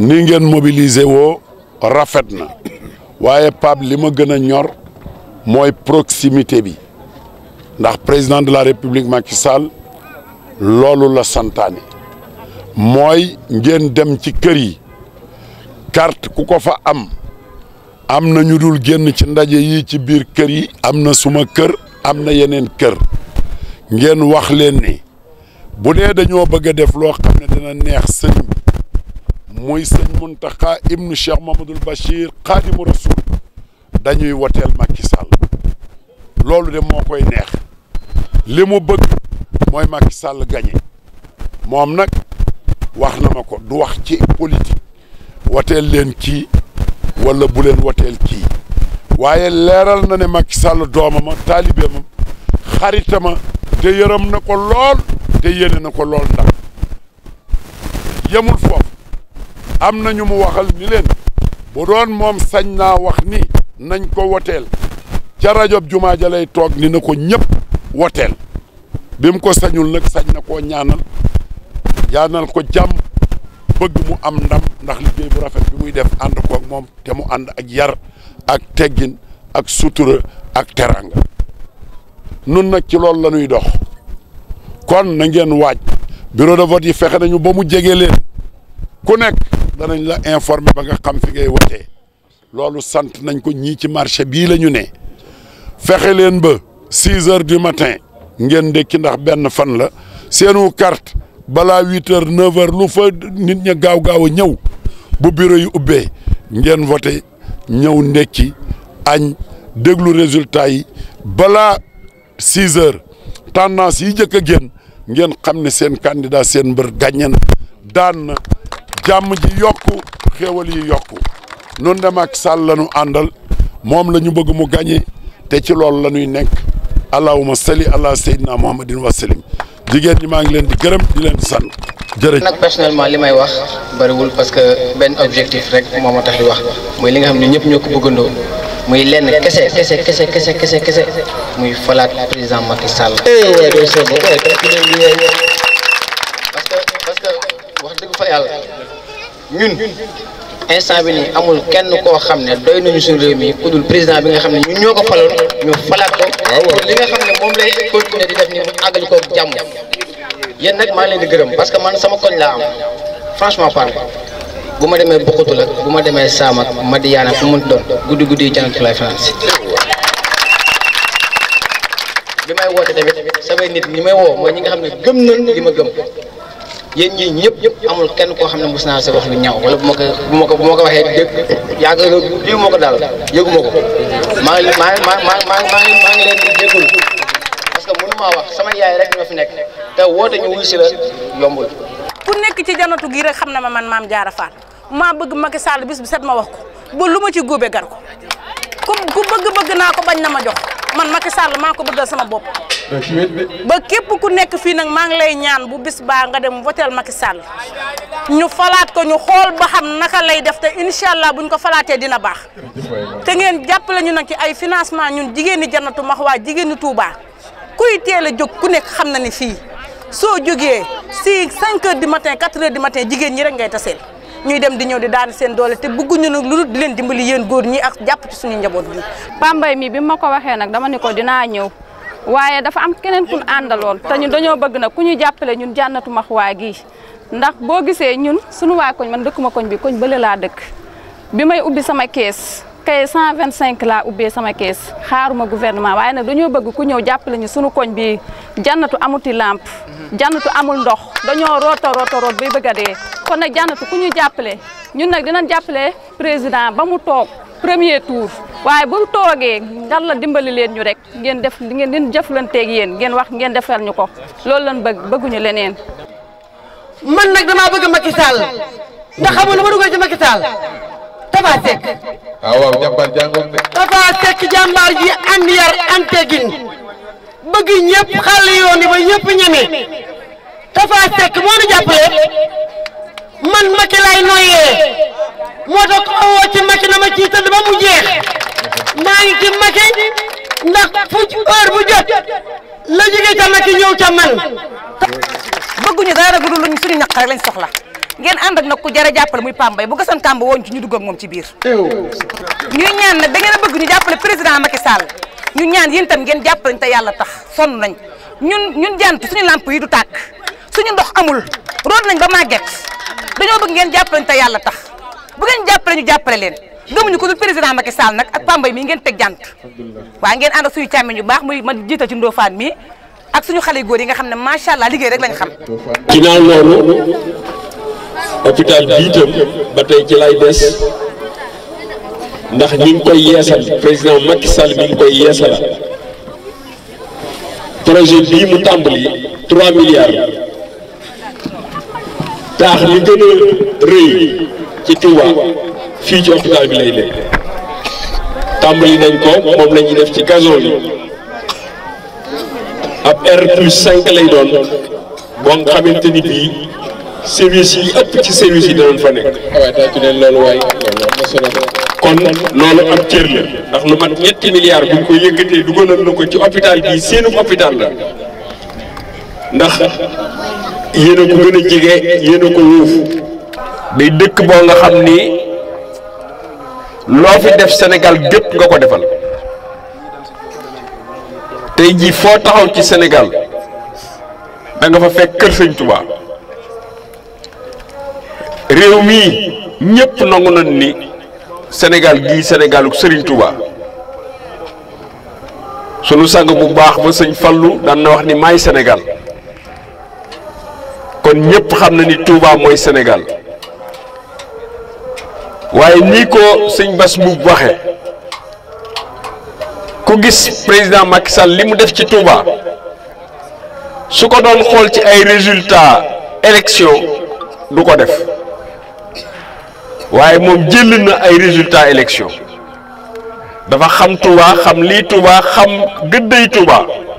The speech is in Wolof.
ni ngeen mobiliser woo rafet na waaye Pape li ma gën a ñor mooy proximité bi ndax président de la république Macky Sall loolu la santaane mooy ngeen dem ci kër yi carte ku ko fa am am na ñu dul génn ci ndaje yi ci biir kër yi am na suma kër am na yeneen kër ngeen wax leen ni bu dee dañoo bëgg def loo xam ne dina neex sëñ muy sëñ Muntaxa ibnu Cheikh Mamadul Bachir xaadimu rasul dañuy woteel Macky Sall loolu de moo koy neex li mu bëgg mooy Macky sàll gañe moom nag wax na ma ko du wax ci politique woteel leen kii wala bu leen woteel kii waaye leeral na ne Macky sàll doomama taalibeema xaritama te yërëm na ko lool te yéene na ko lool ndax yemul foofu am na ñu mu waxal ni leen bu doon moom sañ naa wax ni nañ ko woteel ca rajob jumaa ja lay toog ni na ko ñépp woteel bi mu ko sañul nag sañ na koo ñaanal yaanal ko jàmm bëgg mu am ndam ndax liggéey bu rafet bi muy def ànd koog moom te mu ànd ak yar ak teggin ak sutura ak teranga nun na ci loolu la ñuy dox kon na ngeen waaj bureau de vote yi fexe nañu ba mu jege leen ku nekk danañ la informer ba nga xam fi ngay wotee loolu sant nañ ko ñii ci marché bii la ñu ne fexe leen ba six heures du matin ngeen dékki ndax benn fan la seenu carte balaa huit heures neuf heures lu fa nit ña gaaw gaaw a ñëw bu bureau yu ubbee ngeen voté ñëw ndekki añ déglu résultat yi bala six heures tendance yi jëkk a génn ngeen xam ne seen candidat seen mbër gàññe daan na jàmm ji yokku xéewal yi yokk noonu de Macky Sall la ñu àndal moom la ñu bëgg mu gagné te ci lool la ñuy nekk allahuma sali ala sayyidina muhammadin wa salim jigéen ñi maa ngi leen di gërëm di leen sant jërëjëf nag personnellement li may wax bëriwul parce que benn objectif rek moo ma tax di wax mooy li nga xam ne ñëpp ñoo ko bëggandoo muy lenn kese kese kese kese kese kese muy falaat président Macky Sall. Eh, parce que parce que wax dëgg fa yàlla. ñun instant bi nii amul kenn koo xam ne doy nañu suñu réew mi ku dul président bi nga xam ne ñu ñoo ko faloon ñu falaat ko. waaw ah li nga xam ne moom lay continuer di def ni mu àggali koog jàmm. yéen nag maa ngi leen gërëm parce que man sama koñ laa am franchement parle bu ma demee Bokotul ak bu ma demee Saam ak Madiyaana fu mu mënti doon guddi guddi yi jànatu lay finance bi may woote tamit samay nit ñi may woo ma ñi nga xam ne gëm nañ li ma gëm. yéen ñii ñëpp ñëpp amul kenn koo xam ne mos naa sa wax lu ñaaw wala bu ma ko bu ma ko bu ma ko waxee dégg yàgg lii ma ko daal yëgu ma ko maa ngi maa ngi maa ngi maa ngi leen di déggul parce que mënu maa wax sama yaay rek ñoo fi nekk te woote ñu wuy si la yombul. ku nekk ci janatu gi rek xam ne ma man maam Diarra Fall maa bëgg Macky Sall bis bu set ma wax ko ba lu ma ci góobee gar ko ku bëgg bëgg naa ko bañ na ma jox. man Macky Sall maa ko bëggal sama bopp. ba képp ku nekk fii nag maa ngi lay ñaan bu bis baa nga dem votel Macky Sall ñu falaat ko ñu xool ba xam naka lay def te incha allah buñ ko falaatee dina baax. te ngeen jàppale ñu nag ci ay financement ñun jigéen ñi Jannatul Mahwa jigéen ñi Touba kuy teel a jóg ku nekk xam na ni fii soo jógee si 5 heures du matin 4 heures du matin jigéen ñi rek ngay taseel. ñuy dem di ñëw di daan seen doole te bëgguñu nag lu dul di leen dimbali yéen góor ñi ak jàpp ci suñu njaboot bi pambay mi bi ma ko waxee nag dama ne ko dinaa ñëw waaye dafa am keneen kun àndaloon te ñun dañoo bëgg nag ku ñu jàppale ñun jànnatu max waa ndax boo gisee ñun suñu waa koñ man dëkkuma koñ bi koñ bële laa dëkk bi may ubbi sama kees kay cinq la ubbee sama kees xaaruma gouvernement waaye nag dañoo bëgg ku ñëw jàppale ñu sunu koñ bi jannatu amuti làmp jannatu amul ndox dañoo roota roota root bay bëgg a dee kon nak jannatu ku ñu jàppale ñun nak dinañ jàppale président ba mu tok premier tour waye bu toogee dal la dimbali leen ñu rek ngeen def ngeen din leen ak yeen ngeen wax ngeen defal ñuko loolu lañ bëgg bëgguñu leneen. man nak dama bëgg Macky Sall da xamul lu ma dugal ci Macky Sall tabassek ah waaw waaw jàmbaar jàngoon de. Tapha Seck ji and yar am teggin bëgg ñepp xal yoon yi ba ñepp ñeme tabassek mo ñu jappalé man ma ci lay noyé tax ku ma woo ci Macky na ma ci tëdd ba mu jeex ma ngi ci Macky ndax fu ci heure bu jot la jógee ca Macky ñew ca man. bëggu ñu dara gudul luñu suñu ñaq rek lañ soxla ngeen and ak nak ku jara jappal muy Pambay bu gasan kàmb woon ci ñu dugg ak mom ci biir. ñu ñaan nag da ngeen bëgg ñu jappal président Macky Sall ñu ñaan yeen tam ngeen jàppale ta yalla tax son nañ ñun ñun jant suñu lampe yi du tak suñu ndox amul rod nañ ba magget dañu bëgg ngeen jàppale ñu te tax bu ngeen jappalé ñu jappalé leen gëmuñu ko du président Macky Sall nak ak Pambay mi ngeen tek jant wa ngeen and suñu càmmiñ ñu baax muy ma jiital ci Ndofane mi ak suñu xalé goor yi nga xam ma sha allah liggéey rek lañ xam. ci na lolu hôpital bi tam ba tey ci lay dess ndax ñing koy yéssal président Macky Sall mi ngi koy yéssal projet bi mu tambali 3 milliards. taax li gën a rëy ci Touba fii ci hôpital bi lay nekk yi nañ ko moom la def ci gazon bi ab R plus 5 lay doon ba nga xamante ni bii service yi ëpp ci service yi danañ fa nekk. waaw daa ci leen loolu kon loolu ab cër la ndax lu mat ñetti milliards bu ñu ko yëkkatee dugaloon na ko ci hôpital bii seenu hôpital la ndax. yéen ko gëna a jege ko wuf day dëkk bo nga xamni lo fi def Sénégal gëpp nga ko defal tay ji fo taxaw ci Sénégal da nga fa fekk kër sëñ Touba réew mi ñëpp nangu nañ ni Sénégal gii Sénégalu sëriñ Touba sunu sang bu baax ba sëñ fallu daan na wax ni may Sénégal. kon ñëpp xam na ni Touba mooy Sénégal waaye nii ko sëñ bas bu waxe ku gis président Macky Sall li mu def ci Touba su ko doon xool ci ay résultats élection du ko def waaye moom jël na ay résultat élection dafa xam Touba xam lii Touba xam gëdday Touba